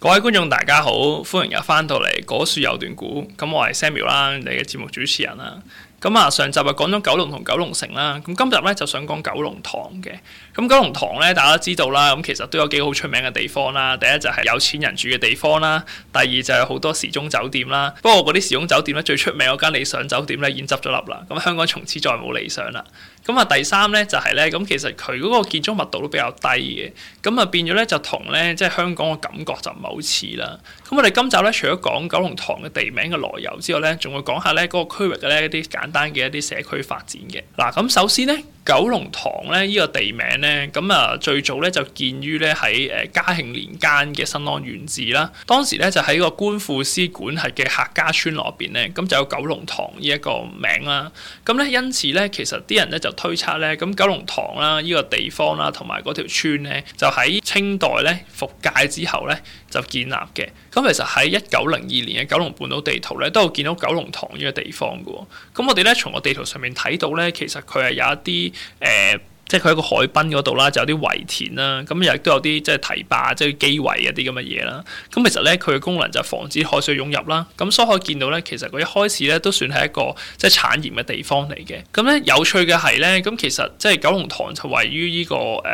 各位觀眾大家好，歡迎又翻到嚟《箇處有段故》，咁我係 Samuel 啦，你嘅節目主持人啦。咁啊，上集啊講咗九龍同九龍城啦，咁今集咧就想講九龍塘嘅。咁九龍塘咧，大家都知道啦，咁其實都有幾好出名嘅地方啦。第一就係有錢人住嘅地方啦，第二就係好多時鐘酒店啦。不過嗰啲時鐘酒店咧最出名嗰間理想酒店咧，已經執咗笠啦。咁香港從此再冇理想啦。咁啊，第三咧就係咧，咁其實佢嗰個建築密度都比較低嘅，咁啊變咗咧就同咧即係香港嘅感覺就唔係好似啦。咁我哋今集咧除咗講九龍塘嘅地名嘅來由之外咧，仲會講下咧嗰個區域嘅咧一啲簡單嘅一啲社區發展嘅。嗱，咁首先咧九龍塘咧呢個地名咧，咁啊最早咧就建於咧喺誒嘉慶年間嘅《新安縣志》啦。當時咧就喺個官富司管轄嘅客家村落入邊咧，咁就有九龍塘呢一個名啦。咁咧因此咧，其實啲人咧就推測咧，咁九龍塘啦，呢個地方啦，同埋嗰條村咧，就喺清代咧復界之後咧就建立嘅。咁其實喺一九零二年嘅九龍半島地圖咧，都有見到九龍塘呢個地方嘅喎。咁我哋咧從個地圖上面睇到咧，其實佢係有一啲誒。呃即係佢喺個海濱嗰度啦，就有啲圍田啦，咁亦都有啲即係堤壩、即係基圍一啲咁嘅嘢啦。咁其實咧，佢嘅功能就防止海水湧入啦。咁所可以見到咧，其實佢一開始咧都算係一個即係產鹽嘅地方嚟嘅。咁咧有趣嘅係咧，咁其實即係九龍塘就位於呢、呢個誒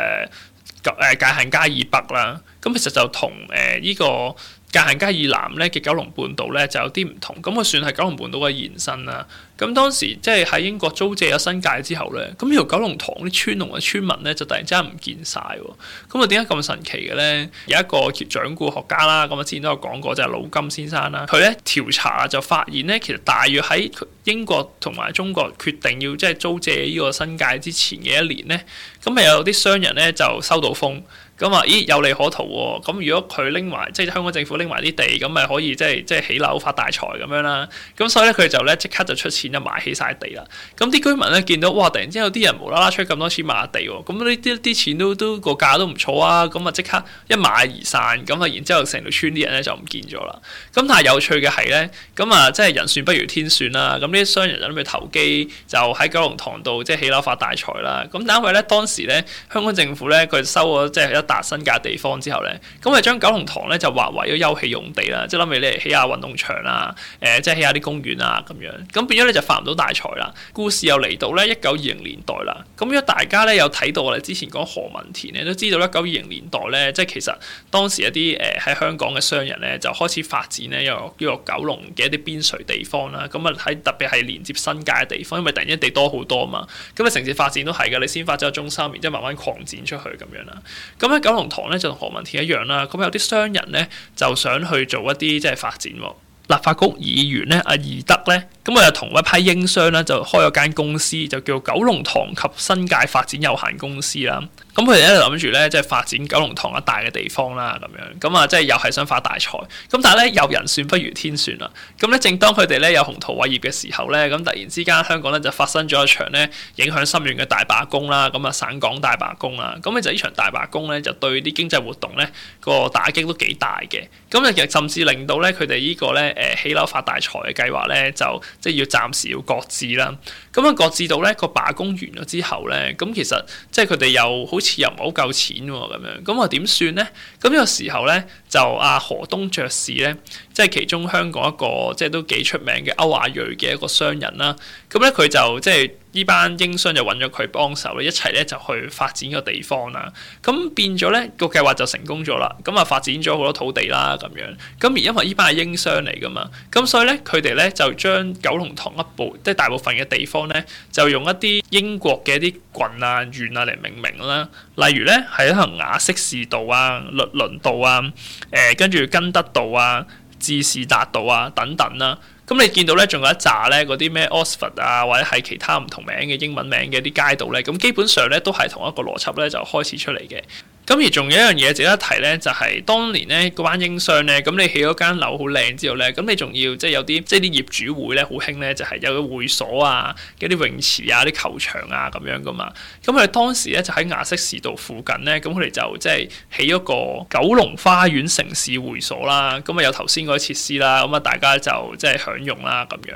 誒界限街以北啦。咁其實就同誒呢個界限街以南咧嘅九龍半島咧就有啲唔同。咁佢算係九龍半島嘅延伸啦。咁當時即係喺英國租借咗新界之後咧，咁條九龍塘啲村農嘅村民咧就突然之間唔見晒喎。咁啊點解咁神奇嘅咧？有一個掌故學家啦，咁啊之前都有講過，就係、是、老金先生啦。佢咧調查就發現咧，其實大約喺英國同埋中國決定要即係租借呢個新界之前嘅一年咧，咁咪有啲商人咧就收到風，咁啊咦有利可圖喎、哦。咁如果佢拎埋即係香港政府拎埋啲地，咁咪可以即係即係起樓發大財咁樣啦。咁所以咧佢就咧即刻就出而家買起晒地啦，咁啲居民咧見到哇，突然之間有啲人無啦啦出咁多錢買地喎，咁呢啲啲錢都都個價都唔錯啊，咁啊即刻一買而散，咁啊然之後成條村啲人咧就唔見咗啦。咁但係有趣嘅係咧，咁啊即係人算不如天算啦，咁呢啲商人諗住投機，就喺九龍塘度即係起樓發大財啦。咁但係咧當時咧香港政府咧佢收咗即係一笪新界地方之後咧，咁係將九龍塘咧就劃為咗休憩用地啦，即係諗住咧起下運動場啊，誒即係起下啲公園啊咁樣，咁變咗咧。就發唔到大財啦，故事又嚟到咧一九二零年代啦，咁如果大家咧有睇到我哋之前講何文田咧，都知道一九二零年代咧，即係其實當時一啲誒喺香港嘅商人咧就開始發展咧，有叫做九龍嘅一啲邊陲地方啦，咁啊喺特別係連接新界嘅地方，因為突然一地多好多啊嘛，咁你城市發展都係嘅，你先發展中心，然之後慢慢擴展出去咁樣啦，咁喺九龍塘咧就同何文田一樣啦，咁有啲商人咧就想去做一啲即係發展。立法局議員咧，阿、啊、義德咧，咁佢就同一批英商咧，就開咗間公司，就叫做九龍塘及新界發展有限公司啦。咁佢哋咧諗住咧，即係發展九龍塘一帶嘅地方啦，咁樣咁啊，即係又係想發大財。咁但係咧，有人算不如天算啦。咁咧，正當佢哋咧有鴻圖偉業嘅時候咧，咁突然之間香港咧就發生咗一場咧影響深遠嘅大罷工啦。咁啊，省港大罷工啦。咁就呢場大罷工咧，就對啲經濟活動咧個打擊都幾大嘅。咁其實，甚至令到咧佢哋呢個咧誒起樓發大財嘅計劃咧，就即係要暫時要擱置啦。咁樣，擱置到咧個罷工完咗之後咧，咁其實即係佢哋又好似又唔係好夠錢喎，咁樣咁我點算咧？咁呢個時候咧，就阿何東爵士咧，即係其中香港一個即係都幾出名嘅歐亞裔嘅一個商人啦。咁咧佢就即係。呢班英商就揾咗佢幫手一齊咧就去發展個地方啦。咁變咗咧、這個計劃就成功咗啦。咁啊發展咗好多土地啦，咁樣。咁而因為呢班係英商嚟噶嘛，咁所以咧佢哋咧就將九龍塘一部，即係大部分嘅地方咧，就用一啲英國嘅一啲郡啊、縣啊嚟命名啦。例如咧係一行雅式士道啊、律倫道啊、誒、呃、跟住根德道啊、芝士達道啊等等啦、啊。咁、嗯、你見到咧，仲有一紮咧，嗰啲咩 Oxford 啊，或者係其他唔同名嘅英文名嘅啲街道咧，咁、嗯、基本上咧都係同一個邏輯咧就開始出嚟嘅。咁而仲有一樣嘢值得提咧，就係、是、當年咧嗰班英商咧，咁你起咗間樓好靚之後咧，咁你仲要即係有啲即係啲業主會咧好興咧，就係、是、有個會所啊，一啲泳池啊，啲球場啊咁樣噶嘛。咁佢哋當時咧就喺雅息士道附近咧，咁佢哋就即係起咗個九龍花園城市會所啦。咁啊有頭先嗰啲設施啦，咁啊大家就即係享用啦咁樣。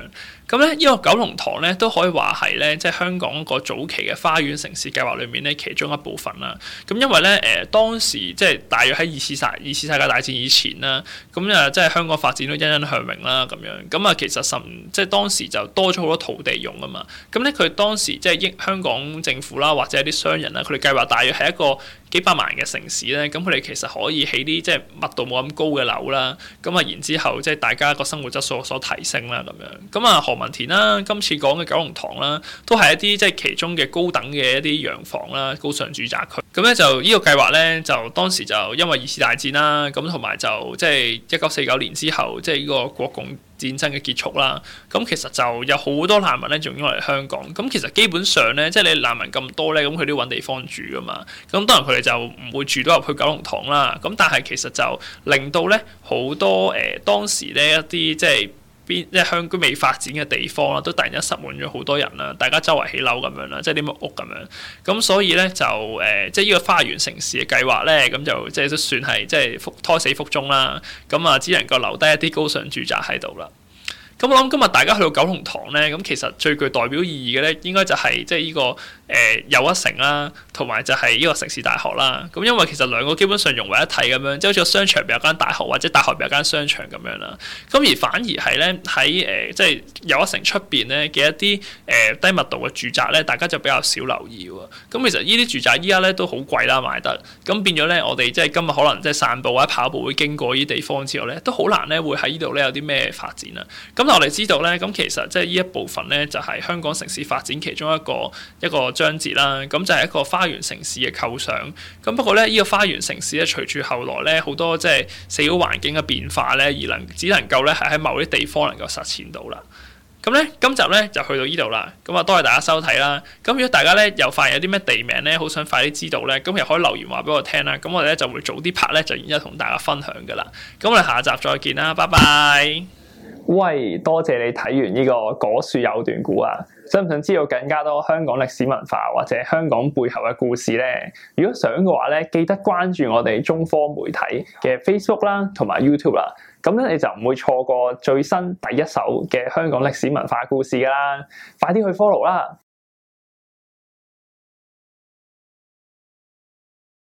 咁咧呢、這個九龍塘咧都可以話係咧，即、就、係、是、香港個早期嘅花園城市計劃裏面咧其中一部分啦。咁因為咧誒。呃當時即係、就是、大約喺二次世二次世界大戰以前啦，咁啊即係香港發展都欣欣向榮啦，咁樣，咁啊其實甚即係、就是、當時就多咗好多土地用啊嘛，咁咧佢當時即係英香港政府啦或者一啲商人啦，佢哋計劃大約係一個。幾百萬嘅城市咧，咁佢哋其實可以起啲即係密度冇咁高嘅樓啦，咁啊然之後即係大家個生活質素有所提升啦咁樣。咁啊何文田啦，今次講嘅九龍塘啦，都係一啲即係其中嘅高等嘅一啲洋房啦、高尚住宅區。咁咧就呢個計劃咧，就當時就因為二次大戰啦，咁同埋就即係一九四九年之後，即係呢個國共。戰爭嘅結束啦，咁其實就有好多難民咧，仲要嚟香港。咁其實基本上咧，即係你難民咁多咧，咁佢都要揾地方住㗎嘛。咁當然佢哋就唔會住到入去九龍塘啦。咁但係其實就令到咧好多誒當時咧一啲即係。就是即係向區未發展嘅地方啦，都突然間塞滿咗好多人啦，大家周圍起樓咁樣啦，即係啲乜屋咁樣，咁所以咧就誒、呃，即係呢個花園城市嘅計劃咧，咁就即係都算係即係胎死腹中啦，咁啊只能夠留低一啲高尚住宅喺度啦。咁我諗今日大家去到九龍塘咧，咁其實最具代表意義嘅咧，應該就係、是、即係呢、這個誒又、呃、一城啦、啊。同埋就係呢個城市大學啦，咁因為其實兩個基本上融為一體咁樣，即係好似個商場入邊有間大學，或者大學入邊有間商場咁樣啦。咁而反而係咧喺誒，即係、呃就是、又一城出邊咧嘅一啲誒、呃、低密度嘅住宅咧，大家就比較少留意喎。咁其實呢啲住宅依家咧都好貴啦，買得咁變咗咧，我哋即係今日可能即係散步或者跑步會經過呢啲地方之後咧，都好難咧會喺呢度咧有啲咩發展啦、啊。咁我哋知道咧，咁其實即係呢一部分咧就係、是、香港城市發展其中一個一個章節啦。咁就係一個花園城市嘅構想，咁不過咧，呢個花園城市咧，隨住後來咧，好多即係社會環境嘅變化咧，而能只能夠咧係喺某啲地方能夠實踐到啦。咁咧，今集咧就去到呢度啦。咁啊，多謝大家收睇啦。咁如果大家咧又發現有啲咩地名咧，好想快啲知道咧，咁又可以留言話俾我聽啦。咁我哋咧就會早啲拍咧，就然之後同大家分享噶啦。咁我哋下集再見啦，拜拜。喂，多謝你睇完呢、這個箇處有段故啊！想唔想知道更加多香港歷史文化或者香港背後嘅故事呢？如果想嘅話咧，記得關注我哋中科媒體嘅 Facebook 啦，同埋 YouTube 啦。咁咧你就唔會錯過最新第一手嘅香港歷史文化故事㗎啦！快啲去 follow 啦！